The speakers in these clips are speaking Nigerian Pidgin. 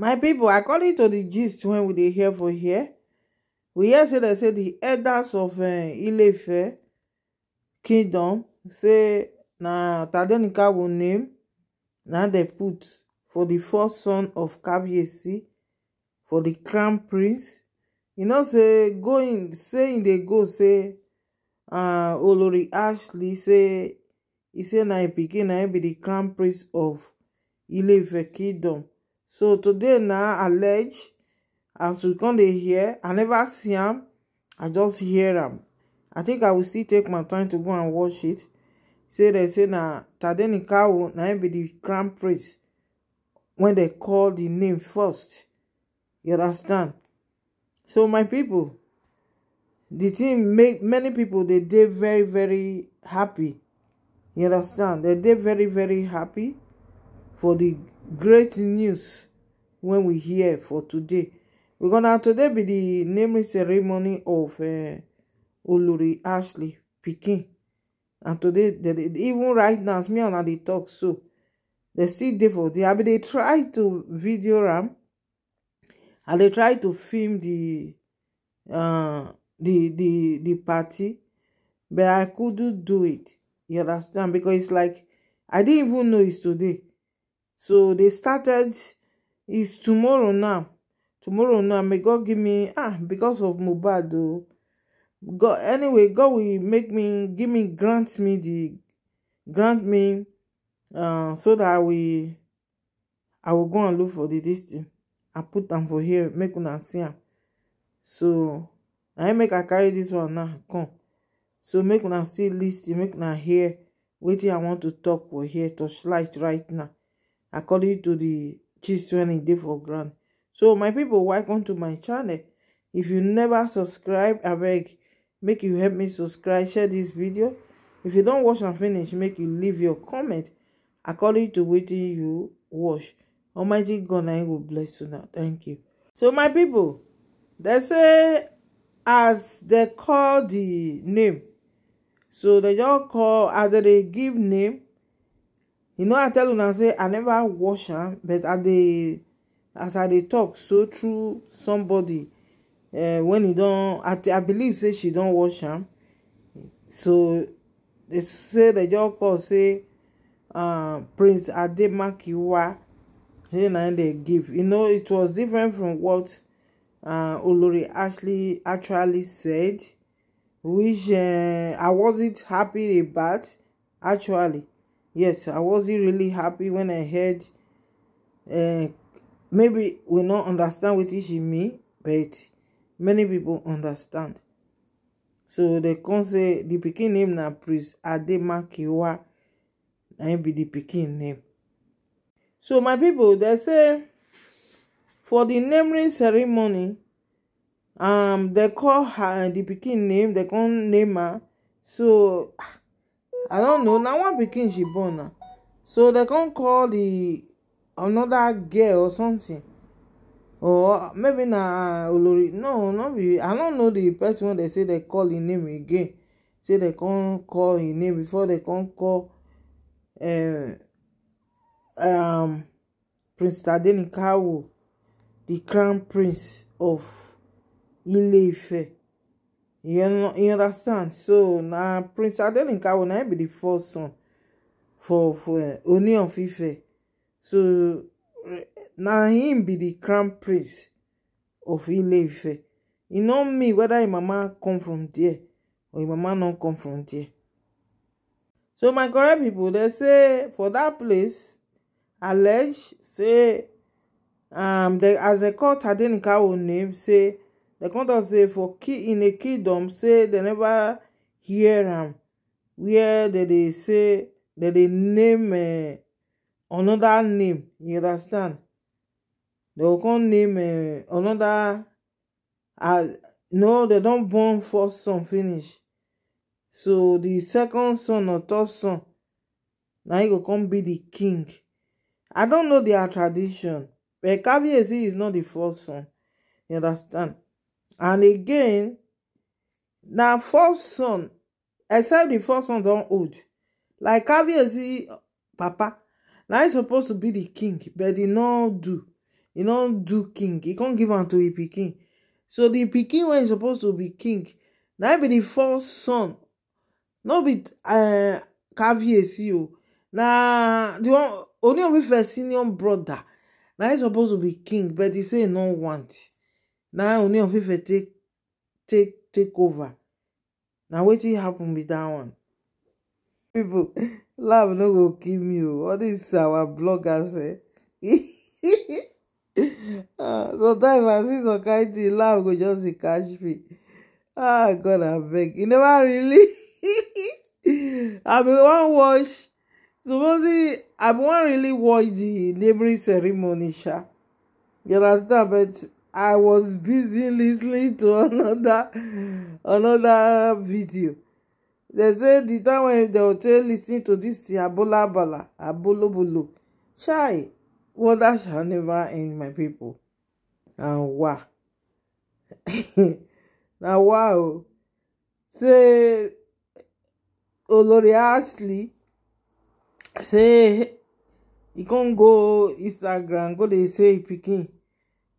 my pipo according to the gist When we dey hear for here we hear say they say the elders of eh, ilefe kingdom say na tadenikawo name na they put for the first son of kaviesi for the crown prince you know say going say they go say ah, olori ashley say he say na he begin na im be the crown prince of ileife kingdom so today now na allege as we come dey hear i never see him. i just hear him. i think i will still take my time to go and watch it say they say na tadeni kawo na him be the crown prince when they call the name first you understand so my people, the tin make many people they dey very very happy you understand They dey very very happy for the. Great news wey we hear for today because na today be the naming ceremony of eh, olori ashley pikin and today even right now as me and ana dey talk so dem still dey for dey i bin dey try to video am i dey try to film the uh, the the the party but i couldnt do it you understand because it's like i didn't even know it's today. So they started. It's tomorrow now. Tomorrow now. May God give me ah because of Mohbad though. God anyway, God will make me give me grant me the grant me uh so that we I will go and look for the this I put them for here, make una see am. So I make I carry this one now come. So make una see listen, make una hear wetin I want to talk for here, Touch light right now according to the gist when day for ground so my people, welcome to my channel if you never subscribe I beg, make you help me subscribe share this video if you don't watch and finish make you leave your comment according to wetin you watch almighty god I will bless you now thank you so my people, they say as they call the name so they just call as they give name you know i tell una say i never wash am but i dey as i dey talk so through somebody uh, when e don i i believe say she don wash am so they say they just call say uh, prince ademakiwa say na him dey give you know it was different from what uh, olori ashley actually said which uh, i wasn't happy about actually yes i wasn't really happy when i heard uh, maybe we not understand wetin she mean but many people understand so dem come the di pikin name na priest ademakiwa na im be the pikin name so my people, they say for the naming ceremony um they call her the pikin name They call name her so ah, i don't know Now, one pikin she born na so they come call the another girl or something or maybe na olori no no be i don't know the person wey dem say they call im name again say they can't call im name before they come call eh, um prince tadenikawo the crown prince of ile ife you understand so now, prince adeynikawo na be the first son for for eh, only on ife so now him be the crown prince of ile You know me whether weda mama come from there or im mama not come from there so my correct people they say for that place allege say um as dem call tadenikawo name say dem come talk say for in a kingdom say dem never hear am wia dem dey say dem dey name eh, another name you understand dem go come name eh, another as no dem don born first son finish so di second son or third son na him go come be di king i don know dia tradition but caveatsi is not di first son you understand. and again now first son except the first son don't old like caviezi papa Now im supposed to be the king but he no do He no do king He can't give am to im pikin so the pikin when im supposed to be king now im be the first son Not be caviezi eh, o Now the one only of im senior brother Now im supposed to be king but he say no want Now only union fit take take take over now what wetin happen with that one People, love no go kill me What is dis our bloggers eh ah, sometimes i see some kind of love go just dey catch me ah god I beg. You never really i bin one watch supposedly i bin wan really watch the neighbouring ceremony sha you understand but i was busy listening to another another video They said the time wen dem take listening to this, dis thing abolo bolo. chai that shall never end my people. and wah, now wow, o say olori ashley say e can't go instagram go they say picking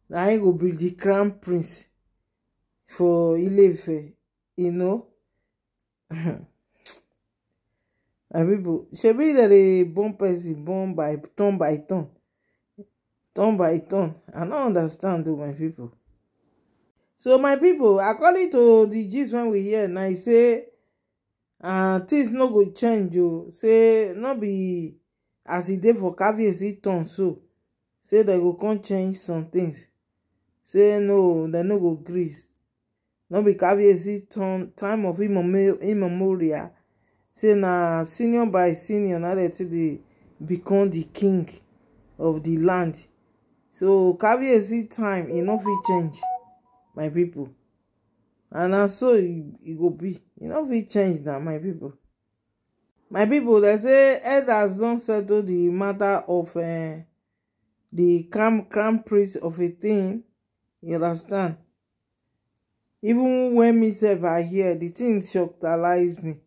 na him go be the crown prince for ile you know my people shebi dem dey born person born by turn by turn turn by turn i no understand o my people so my people according to the gist wey we hear na e say uh, things no go change o oh. say no be as e dey for Kabiyesi turn so say dem go come change some things say no dem no go gree no be kabiyesi time of immemorial say na senior by senior na dem take dey become the king of the land so kabiyesi time e no fit change my people and na so e, e go be e no fit change na my people my people dem say elders don settle the matter of uh, the crown crown priest of a thing you understand even wen me sef i hear di tin shocktalize me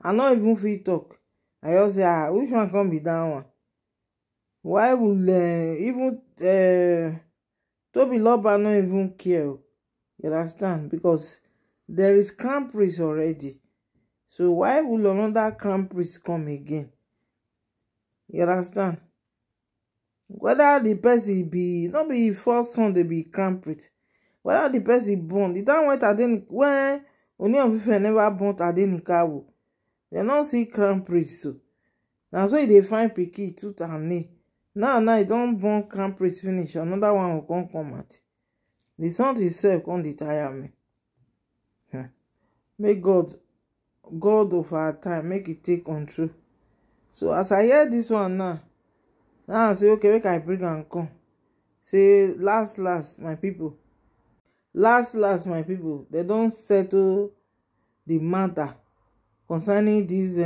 i not even fit talk. i just say ah which one come be dat one why would uh, even uh, eh, tobiloba not even care oh? you understand because there is crown priest already so why would another crown priest come again you understand whether the person be not be first son dey be cramped prince whether the person born the time wen tadenika wen oni of ife never born tadenika wo They don't see cramped prince so na so they e find pikin tooth and nail now now e don born cramped. prince finish anoda one go come come out di son itself come dey tire me hmm. make god god of our time make it e take control so as i hear this one now now i say okay make i bring am come say last last my people. last last my people. They don settle the matter concerning dis uh,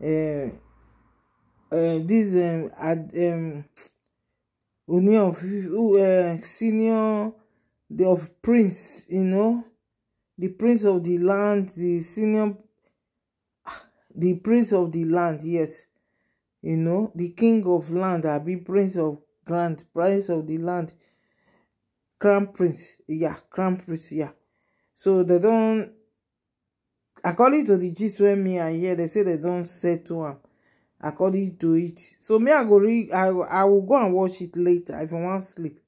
eh, uh, eh, uh, eh, dis um, ad, um, union of uh, senior the of prince you know the prince of the land the senior ah, the prince of the land yes you know the king of land abi prince of grand prince of the land crown prince yeah crown prince yeah so they don according to the gist wey me i hear they say they don settle am according to it so me i go read i i will go and watch it later if i wan sleep